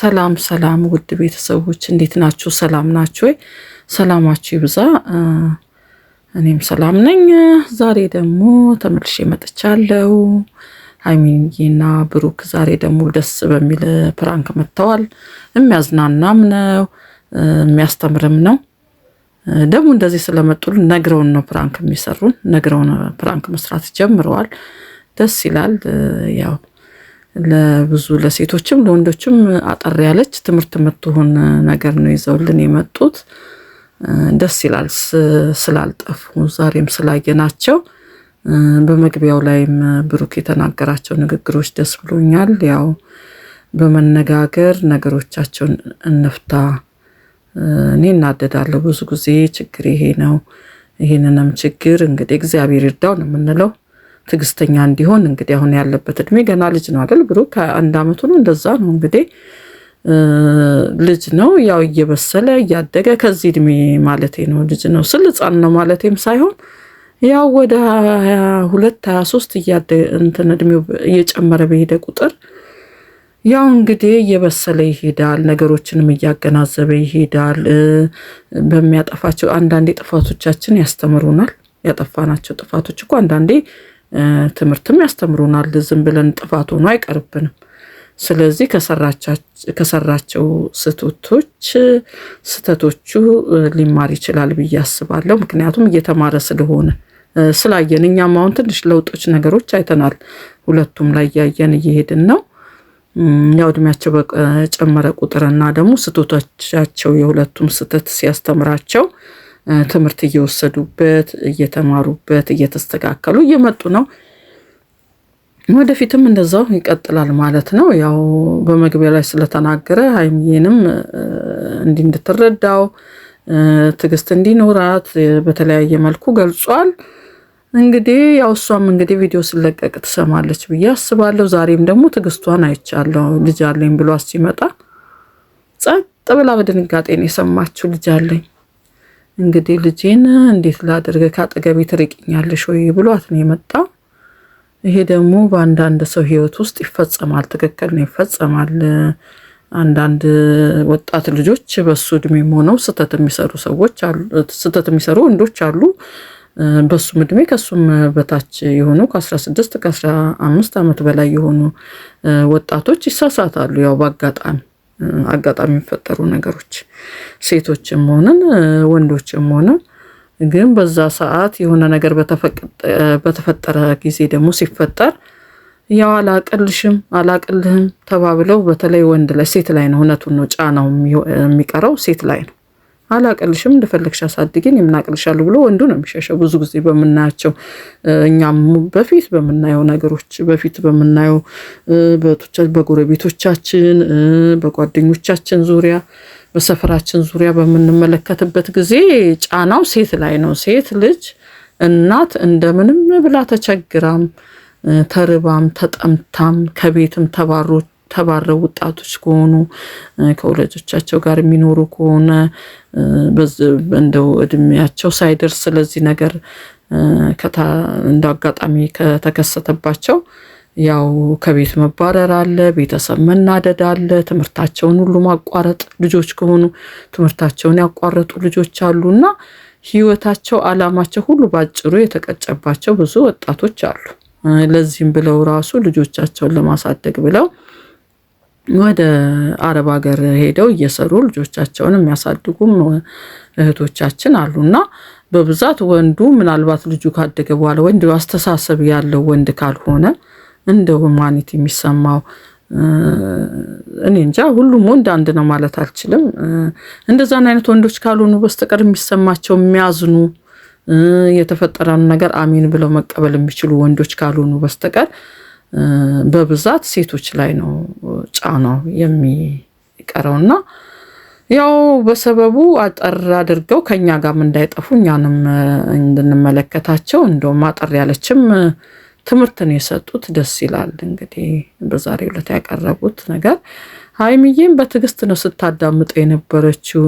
ሰላም ሰላም ውድ ቤተሰቦች እንዴት ናችሁ? ሰላም ናችሁ ወይ? ሰላማችሁ ይብዛ። እኔም ሰላም ነኝ። ዛሬ ደግሞ ተመልሼ መጥቻለሁ። ሀይሚዬና ብሩክ ዛሬ ደግሞ ደስ በሚል ፕራንክ መጥተዋል። የሚያዝናናም ነው የሚያስተምርም ነው። ደግሞ እንደዚህ ስለመጡልን ነግረውን ነው ፕራንክ የሚሰሩን። ነግረውን ፕራንክ መስራት ጀምረዋል። ደስ ይላል ያው ለብዙ ለሴቶችም ለወንዶችም አጠር ያለች ትምህርት የምትሆን ነገር ነው ይዘውልን የመጡት። ደስ ይላል ስላልጠፉ፣ ዛሬም ስላየናቸው። በመግቢያው ላይም ብሩክ የተናገራቸው ንግግሮች ደስ ብሎኛል። ያው በመነጋገር ነገሮቻቸውን እንፍታ። እኔ እናደዳለሁ ብዙ ጊዜ ችግር ይሄ ነው፣ ይህንንም ችግር እንግዲህ እግዚአብሔር ይርዳው ነው የምንለው ትግስተኛ እንዲሆን እንግዲህ አሁን ያለበት እድሜ ገና ልጅ ነው አይደል? ብሩ ከአንድ አመቱ ነው። እንደዛ ነው እንግዲህ ልጅ ነው ያው እየበሰለ እያደገ ከዚህ እድሜ ማለቴ ነው ልጅ ነው ስል ህፃን ነው ማለቴም ሳይሆን ያው ወደ ሀያ ሁለት ሀያ ሶስት እንትን እድሜው እየጨመረ በሄደ ቁጥር ያው እንግዲህ እየበሰለ ይሄዳል። ነገሮችንም እያገናዘበ ይሄዳል። በሚያጠፋቸው አንዳንዴ ጥፋቶቻችን ያስተምሩናል። ያጠፋናቸው ጥፋቶች እኮ አንዳንዴ ትምህርትም ያስተምሩናል። ዝም ብለን ጥፋት ሆኖ አይቀርብንም። ስለዚህ ከሰራቸው ስህተቶች ስህተቶቹ ሊማር ይችላል ብዬ አስባለሁ። ምክንያቱም እየተማረ ስለሆነ ስላየን እኛም አሁን ትንሽ ለውጦች ነገሮች አይተናል። ሁለቱም ላይ እያየን እየሄድን ነው። ያው እድሜያቸው በጨመረ ቁጥርና ደግሞ ስህተቶቻቸው የሁለቱም ስህተት ሲያስተምራቸው ትምህርት እየወሰዱበት እየተማሩበት እየተስተካከሉ እየመጡ ነው። ወደፊትም እንደዛው ይቀጥላል ማለት ነው። ያው በመግቢያ ላይ ስለተናገረ ሀይሚዬንም እንዲህ እንድትረዳው ትዕግስት እንዲኖራት በተለያየ መልኩ ገልጿል። እንግዲህ ያው እሷም እንግዲህ ቪዲዮ ስለቀቅ ትሰማለች ብዬ አስባለሁ። ዛሬም ደግሞ ትግስቷን አይቻለሁ። ልጅ አለኝ ብሏት ሲመጣ ጸጥ ብላ በድንጋጤ ነው የሰማችው። ልጅ አለኝ እንግዲህ ልጄን እንዴት ላድርግ ካጠገቤ ትርቅኛለሽ ወይ ብሏት ነው የመጣው። ይሄ ደግሞ በአንዳንድ ሰው ህይወት ውስጥ ይፈጸማል። ትክክል ነው፣ ይፈጸማል። አንዳንድ ወጣት ልጆች በሱ እድሜም ሆነው ስህተት የሚሰሩ ሰዎች አሉ፣ ስህተት የሚሰሩ ወንዶች አሉ። በሱም እድሜ ከሱም በታች የሆኑ ከ16 ከ15 ዓመት በላይ የሆኑ ወጣቶች ይሳሳታሉ ያው በአጋጣሚ አጋጣሚ የሚፈጠሩ ነገሮች ሴቶችም ሆነን ወንዶችም ሆነ ግን በዛ ሰዓት የሆነ ነገር በተፈጠረ ጊዜ ደግሞ ሲፈጠር ያው አላቅልሽም አላቅልህም ተባብለው በተለይ ወንድ ላይ ሴት ላይ ነው እውነቱን ነው ጫናው የሚቀረው ሴት ላይ ነው። አላቅልሽም እንደፈለግሽ አሳድጌን የምናቅልሻሉ ብሎ ወንዱ ነው የሚሸሸው። ብዙ ጊዜ በምናያቸው እኛም በፊት በምናየው ነገሮች በፊት በምናየው በጎረቤቶቻችን፣ በጓደኞቻችን ዙሪያ፣ በሰፈራችን ዙሪያ በምንመለከትበት ጊዜ ጫናው ሴት ላይ ነው። ሴት ልጅ እናት እንደምንም ብላ ተቸግራም ተርባም ተጠምታም ከቤትም ተባረው ወጣቶች ከሆኑ ከወላጆቻቸው ጋር የሚኖሩ ከሆነ እንደው እድሜያቸው ሳይደርስ ስለዚህ ነገር እንደ አጋጣሚ ከተከሰተባቸው ያው ከቤት መባረር አለ፣ ቤተሰብ መናደድ አለ፣ ትምህርታቸውን ሁሉ ማቋረጥ ልጆች ከሆኑ ትምህርታቸውን ያቋረጡ ልጆች እና ህይወታቸው አላማቸው ሁሉ ባጭሩ የተቀጨባቸው ብዙ ወጣቶች አሉ። ለዚህም ብለው ራሱ ልጆቻቸውን ለማሳደግ ብለው ወደ አረብ ሀገር ሄደው እየሰሩ ልጆቻቸውን የሚያሳድጉም እህቶቻችን አሉና በብዛት ወንዱ ምናልባት ልጁ ካደገ በኋላ ወንድ አስተሳሰብ ያለው ወንድ ካልሆነ እንደ ሁማኒት የሚሰማው እኔ እንጃ፣ ሁሉም ወንድ አንድ ነው ማለት አልችልም። እንደዛን አይነት ወንዶች ካልሆኑ በስተቀር የሚሰማቸው የሚያዝኑ የተፈጠረን ነገር አሚን ብለው መቀበል የሚችሉ ወንዶች ካልሆኑ በስተቀር በብዛት ሴቶች ላይ ነው ጫናው የሚቀረውና ያው በሰበቡ አጠር አድርገው ከኛ ጋርም እንዳይጠፉ እኛንም እንድንመለከታቸው እንደውም አጠር ያለችም ትምህርትን የሰጡት። ደስ ይላል እንግዲህ በዛሬው ዕለት ያቀረቡት ነገር። ሀይሚዬም በትዕግስት ነው ስታዳምጠው የነበረችው።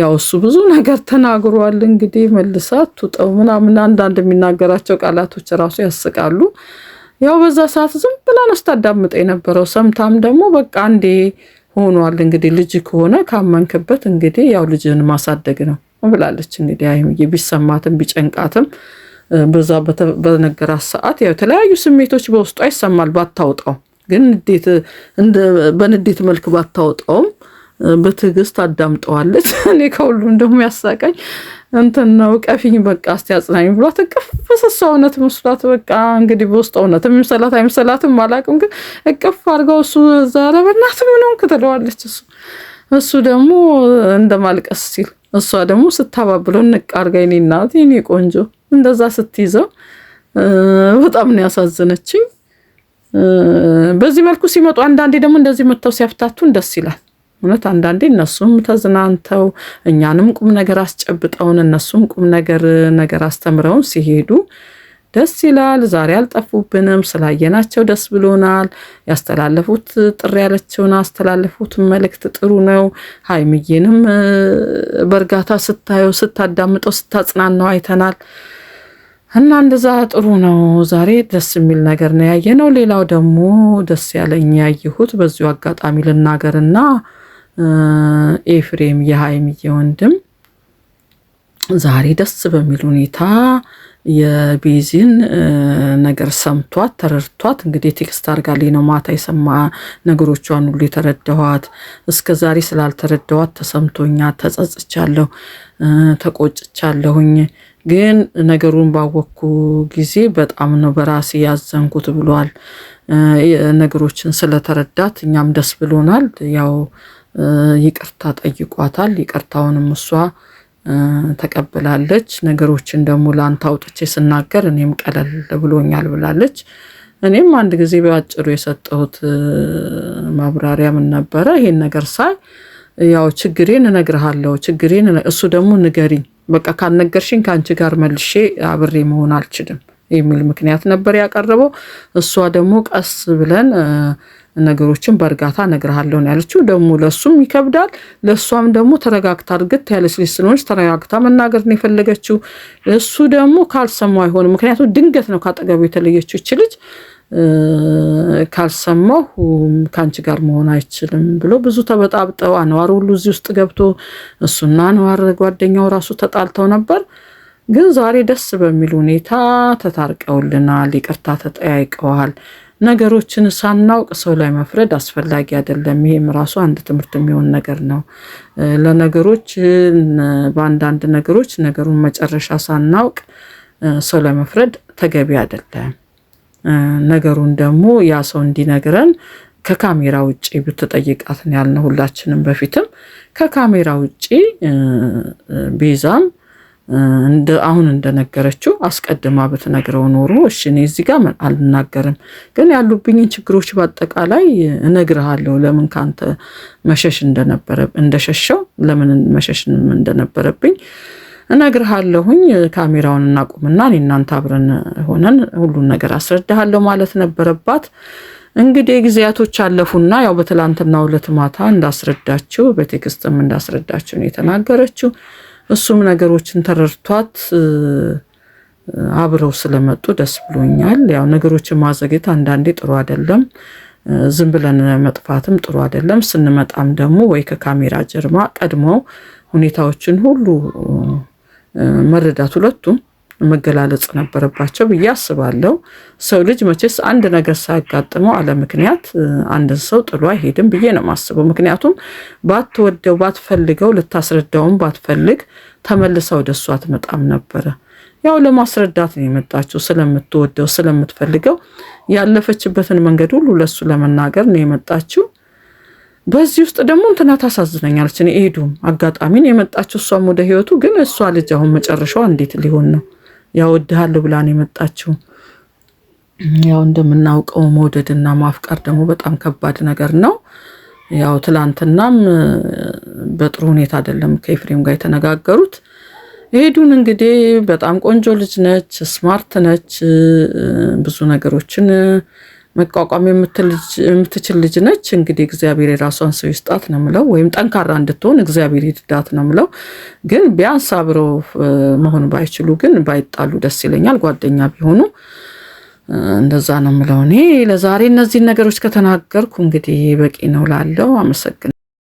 ያው እሱ ብዙ ነገር ተናግሯል። እንግዲህ መልሳት ቱጠው ምናምን አንዳንድ የሚናገራቸው ቃላቶች ራሱ ያስቃሉ። ያው በዛ ሰዓት ዝም ብላ ስታዳምጠ የነበረው። ሰምታም ደግሞ በቃ አንዴ ሆኗል እንግዲህ ልጅ ከሆነ ካመንክበት እንግዲህ ያው ልጅን ማሳደግ ነው ብላለች። እንግዲህ አይምዬ ቢሰማትም ቢጨንቃትም በዛ በነገራት ሰዓት ያው የተለያዩ ስሜቶች በውስጧ ይሰማል። ባታውጣው ግን በንዴት መልክ ባታወጣውም? በትዕግስት አዳምጠዋለች። እኔ ከሁሉም ደግሞ ያሳቀኝ እንትን ነው ቀፊኝ በቃ እስቲ አጽናኝ ብሏት እቅፍ እሷ እውነት መስሏት በቃ እንግዲህ በውስጥ እውነት የሚምሰላት አይምሰላትም አላውቅም፣ ግን እቅፍ አድርገው እሱ ዛረ በእናት ምንም ክትለዋለች። እሱ እሱ ደግሞ እንደማልቀስ ሲል እሷ ደግሞ ስታባብለው ንቅ አድርጋ የኔ እናት የኔ ቆንጆ እንደዛ ስትይዘው በጣም ነው ያሳዝነችኝ። በዚህ መልኩ ሲመጡ አንዳንዴ ደግሞ እንደዚህ መጥተው ሲያፍታቱን ደስ ይላል። እውነት አንዳንዴ እነሱም ተዝናንተው እኛንም ቁም ነገር አስጨብጠውን እነሱም ቁም ነገር ነገር አስተምረውን ሲሄዱ ደስ ይላል። ዛሬ አልጠፉብንም። ስላየናቸው ደስ ብሎናል። ያስተላለፉት ጥሪ ያለችውን አስተላለፉት መልእክት ጥሩ ነው። ሀይምዬንም በእርጋታ ስታየው፣ ስታዳምጠው፣ ስታጽናናው አይተናል እና እንደዛ ጥሩ ነው። ዛሬ ደስ የሚል ነገር ነው ያየነው። ሌላው ደግሞ ደስ ያለኝ ያየሁት በዚሁ አጋጣሚ ልናገርና ኤፍሬም የሀይሚዬ ወንድም ዛሬ ደስ በሚል ሁኔታ የቤዚን ነገር ሰምቷት ተረድቷት እንግዲህ ቴክስት አድርጋልኝ ነው ማታ የሰማ ነገሮቿን ሁሉ የተረዳኋት እስከ ዛሬ ስላልተረዳኋት ተሰምቶኛ ተጸጽቻለሁ፣ ተቆጭቻለሁኝ ግን ነገሩን ባወቅኩ ጊዜ በጣም ነው በራሴ ያዘንኩት ብሏል። ነገሮችን ስለተረዳት እኛም ደስ ብሎናል ያው ይቅርታ ጠይቋታል። ይቅርታውንም እሷ ተቀብላለች። ነገሮችን ደግሞ ለአንተ አውጥቼ ስናገር እኔም ቀለል ብሎኛል ብላለች። እኔም አንድ ጊዜ በአጭሩ የሰጠሁት ማብራሪያ ምን ነበረ? ይሄን ነገር ሳይ ያው ችግሬን እነግርሃለሁ፣ ችግሬን እሱ ደግሞ ንገሪኝ። በቃ ካልነገርሽኝ ከአንቺ ጋር መልሼ አብሬ መሆን አልችልም የሚል ምክንያት ነበር ያቀረበው። እሷ ደግሞ ቀስ ብለን ነገሮችን በእርጋታ እነግርሃለሁ ነው ያለችው። ደግሞ ለእሱም ይከብዳል፣ ለእሷም ደግሞ ተረጋግታ እርግት ያለች ልጅ ስለሆነች ተረጋግታ መናገር ነው የፈለገችው። እሱ ደግሞ ካልሰማው አይሆንም፣ ምክንያቱም ድንገት ነው ካጠገቡ የተለየችው ይች ልጅ። ካልሰማሁ ከአንቺ ጋር መሆን አይችልም ብሎ ብዙ ተበጣብጠው፣ አንዋር ሁሉ እዚህ ውስጥ ገብቶ እሱና አንዋር ጓደኛው ራሱ ተጣልተው ነበር። ግን ዛሬ ደስ በሚል ሁኔታ ተታርቀውልናል፣ ይቅርታ ተጠያይቀዋል። ነገሮችን ሳናውቅ ሰው ላይ መፍረድ አስፈላጊ አይደለም። ይህም ራሱ አንድ ትምህርት የሚሆን ነገር ነው። ለነገሮች በአንዳንድ ነገሮች ነገሩን መጨረሻ ሳናውቅ ሰው ላይ መፍረድ ተገቢ አይደለም። ነገሩን ደግሞ ያ ሰው እንዲነግረን ከካሜራ ውጭ ብትጠይቃትን ያልነው ሁላችንም በፊትም ከካሜራ ውጭ ቤዛም እንደ አሁን እንደነገረችው አስቀድማ ብትነግረው ኖሮ እሺ እኔ እዚህ ጋር አልናገርም፣ ግን ያሉብኝን ችግሮች በአጠቃላይ እነግርሃለሁ። ለምን ካንተ መሸሽ እንደነበረ እንደሸሸው ለምን መሸሽንም እንደነበረብኝ እነግርሃለሁኝ። ካሜራውን እናቁምና እኔ እናንተ አብረን ሆነን ሁሉን ነገር አስረዳሃለሁ ማለት ነበረባት። እንግዲህ ጊዜያቶች አለፉና ያው በትላንትና ሁለት ማታ እንዳስረዳችው በቴክስትም እንዳስረዳችው ነው የተናገረችው። እሱም ነገሮችን ተረድቷት አብረው ስለመጡ ደስ ብሎኛል። ያው ነገሮችን ማዘግየት አንዳንዴ ጥሩ አይደለም። ዝም ብለን መጥፋትም ጥሩ አይደለም። ስንመጣም ደግሞ ወይ ከካሜራ ጀርባ ቀድመው ሁኔታዎችን ሁሉ መረዳት ሁለቱም መገላለጽ ነበረባቸው ብዬ አስባለሁ። ሰው ልጅ መቼስ አንድ ነገር ሳያጋጥመው አለ ምክንያት አንድን ሰው ጥሎ አይሄድም ብዬ ነው የማስበው። ምክንያቱም ባትወደው ባትፈልገው፣ ልታስረዳውም ባትፈልግ ተመልሳ ወደ እሷ አትመጣም ነበረ። ያው ለማስረዳት ነው የመጣችው። ስለምትወደው ስለምትፈልገው ያለፈችበትን መንገድ ሁሉ ለሱ ለመናገር ነው የመጣችው። በዚህ ውስጥ ደግሞ እንትና ታሳዝነኛለች። እኔ አጋጣሚን የመጣችው እሷም ወደ ህይወቱ ግን እሷ ልጅ አሁን መጨረሻው እንዴት ሊሆን ነው? ያው ብላን የመጣችው ያው እንደምናውቀው መውደድና ማፍቀር ደግሞ በጣም ከባድ ነገር ነው። ያው ትላንትናም በጥሩ ሁኔታ አይደለም ከኤፍሬም ጋር የተነጋገሩት። ሄዱን እንግዲህ በጣም ቆንጆ ልጅ ነች፣ ስማርት ነች፣ ብዙ ነገሮችን መቋቋም የምትችል ልጅ ነች። እንግዲህ እግዚአብሔር የራሷን ሰው ይስጣት ነው ምለው፣ ወይም ጠንካራ እንድትሆን እግዚአብሔር ይርዳት ነው ምለው። ግን ቢያንስ አብረው መሆን ባይችሉ ግን ባይጣሉ ደስ ይለኛል፣ ጓደኛ ቢሆኑ እንደዛ ነው ምለው። እኔ ለዛሬ እነዚህን ነገሮች ከተናገርኩ እንግዲህ በቂ ነው ላለው አመሰግናለሁ።